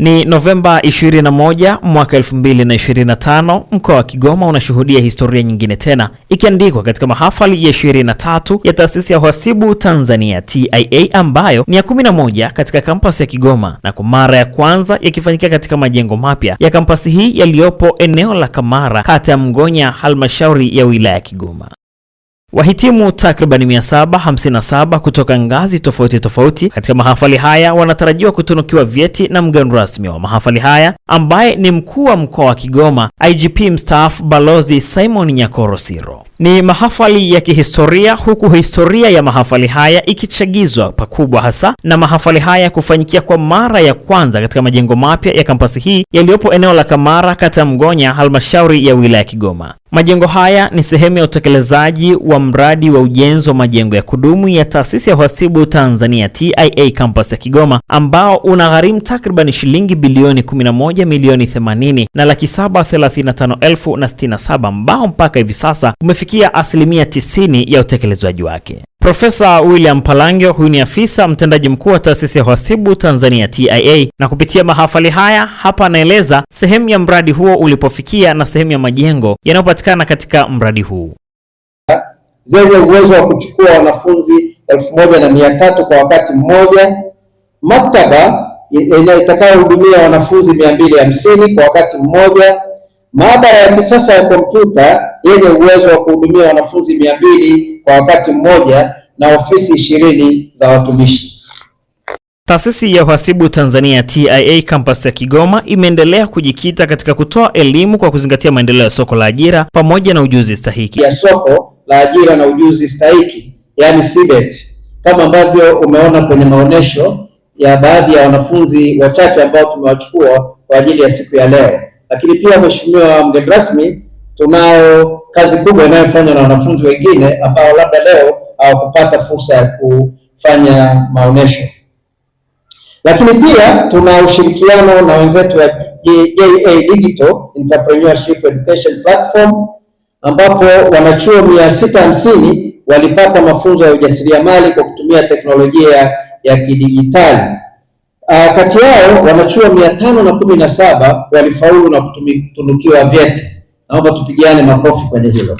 Ni Novemba 21 mwaka 2025, mkoa wa Kigoma unashuhudia historia nyingine tena ikiandikwa katika mahafali ya 23 ya taasisi ya uhasibu Tanzania TIA ambayo ni ya 11 katika kampasi ya Kigoma na kwa mara ya kwanza yakifanyika katika majengo mapya ya kampasi hii yaliyopo eneo la Kamara, kata ya Mgonya, halmashauri ya wilaya ya Kigoma. Wahitimu takriban 757 kutoka ngazi tofauti tofauti katika mahafali haya wanatarajiwa kutunukiwa vyeti na mgeni rasmi wa mahafali haya ambaye ni mkuu wa mkoa wa Kigoma, IGP mstaafu Balozi Simon Nyakoro Siro. Ni mahafali ya kihistoria huku historia ya mahafali haya ikichagizwa pakubwa, hasa na mahafali haya kufanyikia kwa mara ya kwanza katika majengo mapya ya kampasi hii yaliyopo eneo la Kamara, kata Mgonya, halmashauri ya wilaya Kigoma. Majengo haya ni sehemu ya utekelezaji wa mradi wa ujenzi wa majengo ya kudumu ya Taasisi ya Uhasibu Tanzania TIA Campus ya Kigoma ambao unagharimu takriban shilingi bilioni 11 milioni 80 na laki 735 67 ambao mpaka hivi sasa umefikia asilimia 90 ya utekelezaji wake. Profesa William Palange huyu ni afisa mtendaji mkuu wa taasisi ya uhasibu Tanzania TIA, na kupitia mahafali haya hapa anaeleza sehemu ya mradi huo ulipofikia na sehemu ya majengo yanayopatikana katika mradi huu zenye uwezo wa kuchukua wanafunzi elfu moja na mia tatu kwa wakati mmoja, maktaba e, e, itakayohudumia wanafunzi mia mbili hamsini kwa wakati mmoja Maabara ya kisasa ya kompyuta yenye uwezo wa kuhudumia wanafunzi mia mbili kwa wakati mmoja na ofisi ishirini za watumishi. Taasisi ya Uhasibu Tanzania TIA kampasi ya Kigoma imeendelea kujikita katika kutoa elimu kwa kuzingatia maendeleo ya soko la ajira pamoja na ujuzi stahiki ya soko la ajira na ujuzi stahiki, yani CBET, kama ambavyo umeona kwenye maonesho ya baadhi ya wanafunzi wachache ambao tumewachukua kwa ajili ya siku ya leo. Lakini pia mheshimiwa mgeni rasmi, tunao kazi kubwa inayofanywa na wanafunzi wengine ambao labda leo hawakupata fursa ya kufanya maonesho. Lakini pia tuna ushirikiano na wenzetu wa JA Digital Entrepreneurship Education Platform ambapo wanachuo mia sita hamsini walipata mafunzo ya ujasiriamali kwa kutumia teknolojia ya kidijitali. Uh, kati yao wanachuo mia tano na kumi na saba walifaulu na kutunukiwa vyeti. Naomba tupigiane makofi kwenye hilo.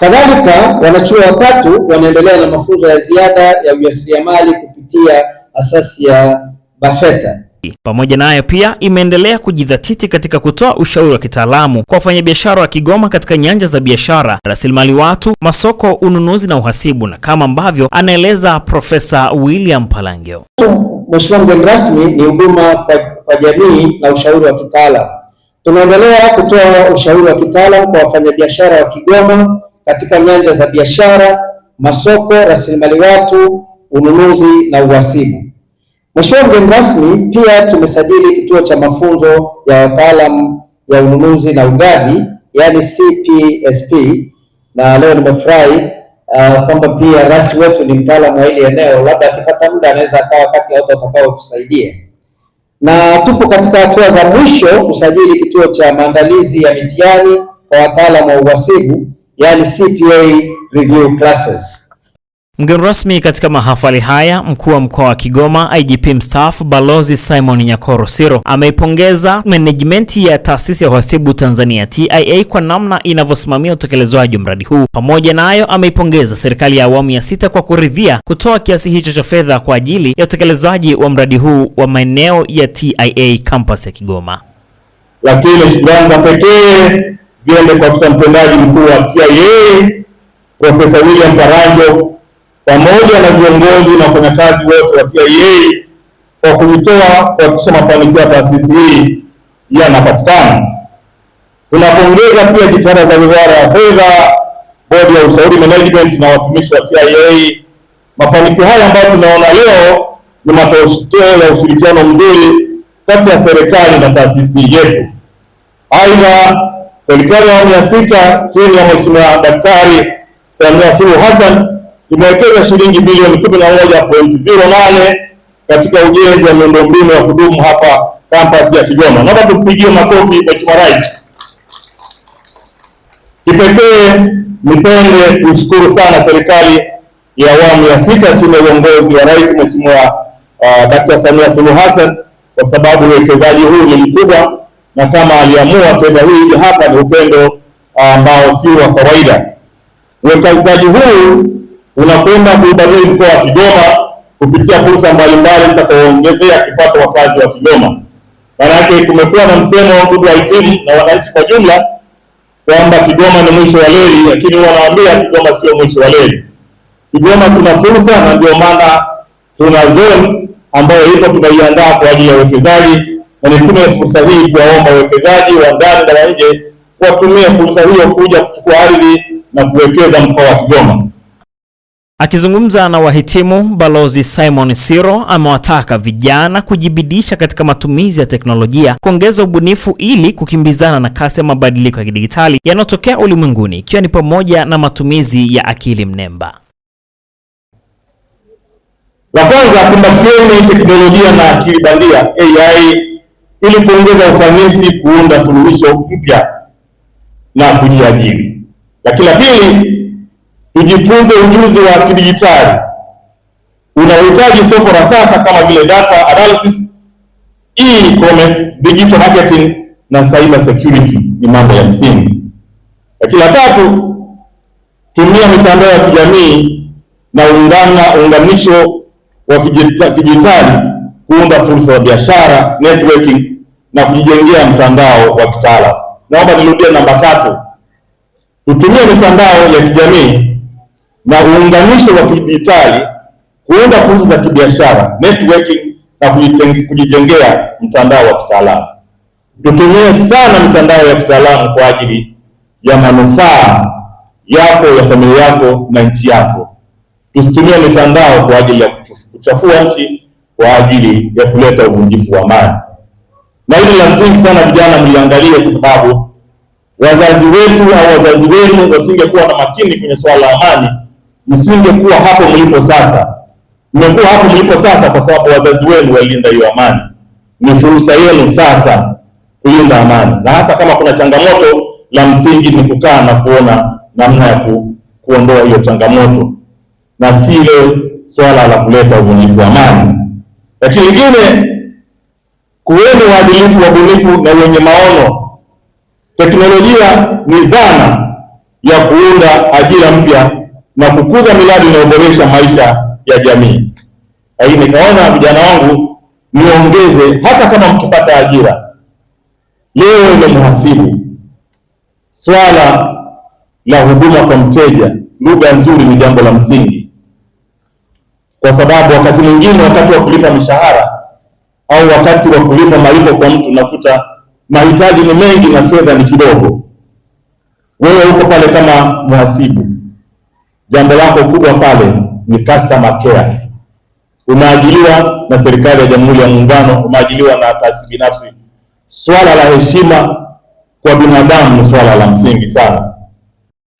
Kadhalika, wanachuo watatu wanaendelea na mafunzo ya ziada ya ujasiriamali kupitia asasi ya BAFETA. Pamoja na pia imeendelea kujidhatiti katika kutoa ushauri wa kitaalamu kwa wafanyabiashara wa Kigoma katika nyanja za biashara, rasilimali watu, masoko, ununuzi na uhasibu, na kama ambavyo anaeleza Profesa William Palangyo. Mheshimiwa mgeni rasmi, ni huduma kwa jamii na ushauri wa kitaalamu. Tunaendelea kutoa ushauri wa kitaalamu kwa wafanyabiashara wa Kigoma katika nyanja za biashara, masoko, rasilimali watu, ununuzi na uhasibu. Mheshimiwa mgeni rasmi, pia tumesajili kituo cha mafunzo ya wataalam ya ununuzi na ugavi yani CPSP, na leo nimefurahi uh, kwamba pia rasmi wetu ni mtaalamu wa hili eneo, labda akipata muda anaweza akawa kati ya watu watakaotusaidia, na tupo katika hatua za mwisho kusajili kituo cha maandalizi ya mitihani kwa wataalamu wa uhasibu yani CPA review classes. Mgeni rasmi katika mahafali haya, mkuu wa mkoa wa Kigoma IGP mstaafu Balozi Simon Nyakoro Siro ameipongeza management ya taasisi ya uhasibu Tanzania TIA kwa namna inavyosimamia utekelezwaji wa mradi huu. Pamoja na hayo, ameipongeza serikali ya awamu ya sita kwa kuridhia kutoa kiasi hicho cha fedha kwa ajili ya utekelezaji wa mradi huu wa maeneo ya TIA campus ya Kigoma. Lakini shukrani za pekee ziende kwa afisa mtendaji mkuu wa TIA Profesa William Paranjo pamoja na viongozi na wafanyakazi wote wa TIA kwa kujitoa kuhakikisha mafanikio ya taasisi hii yanapatikana. Tunapongeza pia jitihada za Wizara ya Fedha, Bodi ya Ushauri Management na watumishi wa TIA. Mafanikio haya ambayo tunaona leo ni matokeo ya ushirikiano mzuri kati ya serikali na taasisi yetu. Aidha, serikali ya awamu ya sita chini ya Mheshimiwa Daktari Samia Suluhu Hassan Tumewekeza shilingi bilioni kumi na moja pointi zero nane katika ujenzi wa miundombinu ya kudumu hapa kampasi ya Kigoma. Naomba tupigie makofi Mheshimiwa Rais. Kipekee nipende kushukuru sana serikali ya awamu ya sita chini ya uongozi wa Rais Mheshimiwa uh, Dr. Samia Suluhu Hassan kwa sababu uwekezaji huu ni mkubwa, na kama aliamua fedha hii hapa ni upendo uh, ambao uh, si wa kawaida. Uwekezaji huu unakwenda kuubadili mkoa wa Kigoma kupitia fursa mbalimbali zitakazoongezea kipato wakazi wa Kigoma. yake kumekuwa na msemo ndugu wahitimu na wananchi kwa jumla kwamba Kigoma ni mwisho wa leli, lakini wanawaambia Kigoma sio mwisho wa leli. Kigoma kuna fursa, na ndio maana tuna zone ambayo ipo tunaiandaa kwa ajili ya uwekezaji, na nitumie fursa hii kuwaomba wawekezaji wa ndani na nje watumie fursa hiyo kuja kuchukua ardhi na kuwekeza mkoa wa Kigoma. Akizungumza na wahitimu, Balozi Simon Siro amewataka vijana kujibidisha katika matumizi ya teknolojia, kuongeza ubunifu ili kukimbizana na kasi ya mabadiliko ya kidigitali yanayotokea ulimwenguni, ikiwa ni pamoja na matumizi ya akili mnemba. La kwanza, kumbatieni teknolojia na akili bandia AI ili kuongeza ufanisi, kuunda suluhisho mpya na kujiajiri. Lakini la pili Tujifunze ujuzi wa kidijitali unahitaji soko la sasa kama vile data analysis, e-commerce, digital marketing na cyber security ni mambo ya msingi. Lakini la tatu, tumia mitandao ya kijamii na ungana unganisho wa kidijitali kuunda fursa za biashara, networking na kujijengea mtandao wa kitaalamu. Naomba nirudie namba tatu, tutumie mitandao ya kijamii na uunganisho wa kidijitali kuunda fursa za kibiashara, networking na kujijengea mtandao wa kitaalamu. Tutumie sana mitandao ya kitaalamu kwa ajili ya manufaa yako ya familia yako na nchi yako. Tusitumie mitandao kwa ajili ya kuchafua nchi, kwa ajili ya kuleta uvunjifu wa amani. Na hili la msingi sana, vijana mliangalie, kwa sababu wazazi wetu au wazazi wenu wasingekuwa na makini kwenye swala la amani msingekuwa hapo mlipo sasa. Mmekuwa hapo mlipo sasa kwa sababu wazazi wenu walinda hiyo amani. Ni fursa yenu sasa kulinda amani, na hata kama kuna changamoto, la msingi ni kukaa na kuona namna ya ku, kuondoa hiyo changamoto na si ile swala la kuleta uvunjifu wa amani. Lakini lingine, kuweni waadilifu, wabunifu na wenye maono. Teknolojia ni zana ya kuunda ajira mpya na kukuza miradi inayoboresha maisha ya jamii. Hii nikaona vijana wangu niongeze, hata kama mkipata ajira leo ile mhasibu swala la huduma kwa mteja, lugha nzuri ni jambo la msingi, kwa sababu wakati mwingine, wakati wa kulipa mishahara au wakati wa kulipa malipo kwa mtu, unakuta mahitaji ni mengi na fedha ni kidogo. Wewe uko pale kama mhasibu jambo lako kubwa pale ni customer care. Umeajiliwa na serikali ya Jamhuri ya Muungano, umeajiliwa na taasisi binafsi. Swala la heshima kwa binadamu ni swala la msingi sana.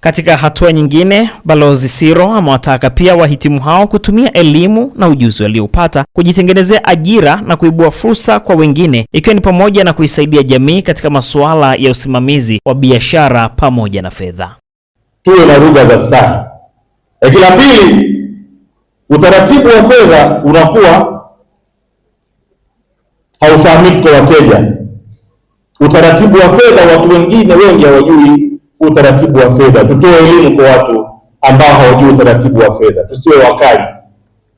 Katika hatua nyingine, Balozi Siro amewataka pia wahitimu hao kutumia elimu na ujuzi waliopata kujitengenezea ajira na kuibua fursa kwa wengine, ikiwa ni pamoja na kuisaidia jamii katika masuala ya usimamizi wa biashara pamoja na fedha. Tuwe na lugha za staha. Lakini la pili, utaratibu wa fedha unakuwa haufahamiki kwa wateja. Utaratibu wa fedha, watu wengine wengi hawajui utaratibu wa fedha. Tutoe elimu kwa watu ambao hawajui utaratibu wa fedha, tusiwe wakali.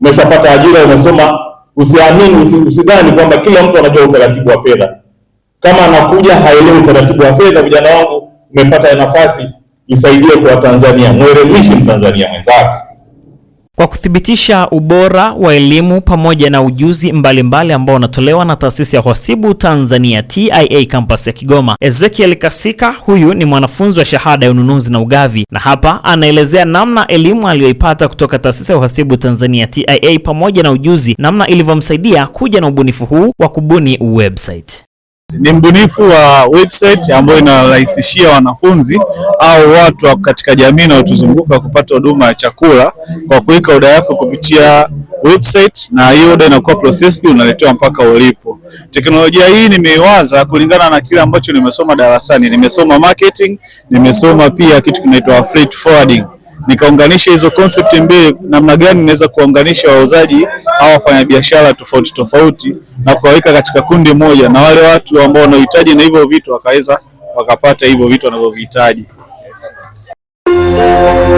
Umeshapata ajira, umesoma, usiamini, usidhani kwamba kila mtu anajua utaratibu wa fedha. Kama anakuja haelewi utaratibu wa fedha, vijana wangu, umepata nafasi isaidie kwa Tanzania, mweleweshe Mtanzania mwenzake. Kwa kuthibitisha ubora wa elimu pamoja na ujuzi mbalimbali ambao unatolewa na taasisi ya uhasibu Tanzania TIA campus ya Kigoma, Ezekiel Kasika huyu ni mwanafunzi wa shahada ya ununuzi na ugavi, na hapa anaelezea namna elimu aliyoipata kutoka taasisi ya uhasibu Tanzania TIA pamoja na ujuzi, namna ilivyomsaidia kuja na ubunifu huu wa kubuni website. Ni mbunifu wa website ambayo inarahisishia wanafunzi au watu katika jamii inayotuzunguka kupata huduma ya chakula kwa kuweka oda yako kupitia website, na hiyo oda inakuwa processed, unaletewa mpaka ulipo. Teknolojia hii nimeiwaza kulingana na kile ambacho nimesoma darasani. Nimesoma marketing, nimesoma pia kitu kinaitwa freight forwarding nikaunganisha hizo concept mbili, namna gani naweza kuwaunganisha wauzaji au wafanyabiashara tofauti tofauti na kuwaweka katika kundi moja, na wale watu ambao wanahitaji na hivyo vitu wakaweza wakapata hivyo vitu wanavyovihitaji. Yes.